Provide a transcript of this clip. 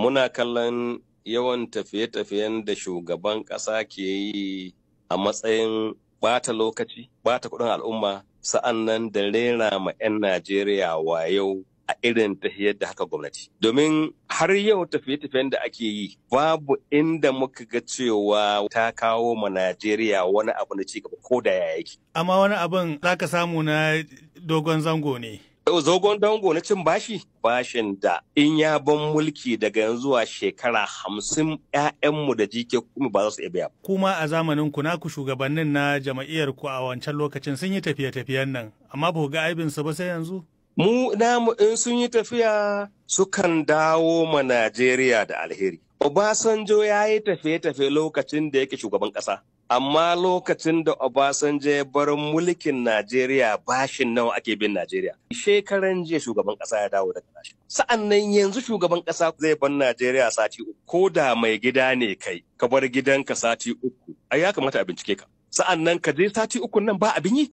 muna kallon yawan tafiye-tafiyen da shugaban ƙasa ke yi a matsayin bata lokaci bata kuɗin al'umma sa'an nan da rera ma 'yan najeriya wayau a irin ta da haka gwamnati domin har yau tafiye-tafiyen da ake yi babu inda muka ga cewa ta kawo ma najeriya wani abu na cigaba ko da ya yake amma wani abin za ka samu na dogon zango ne Zogon dango na cin bashi? Bashin da in ya ban mulki daga yanzu zuwa shekara hamsin ‘ya'yanmu da jike kuma ba za su iya biya. Kuma a zamanin ku naku shugabannin na jama'iyyar ku a wancan lokacin sun yi tafiye-tafiyen nan, amma ba ga aibinsu ba sai yanzu? Mu namu in sun yi tafiya sukan dawo ma Najeriya da alheri. Obasanjo ya yi tafiye-tafiye lokacin da yake shugaban ƙasa. amma lokacin da Obasanjo ya bar mulkin Najeriya bashin nawa ake bin Najeriya. Shekaran jiya shugaban ƙasa ya dawo daga nashi. Sa'an yanzu shugaban ƙasa zai bar Najeriya sati uku. Ko da mai gida ne kai, ka bar gidanka sati uku. Ai ya kamata a bincike ka. Sa'an ka je sati uku nan ba abin yi.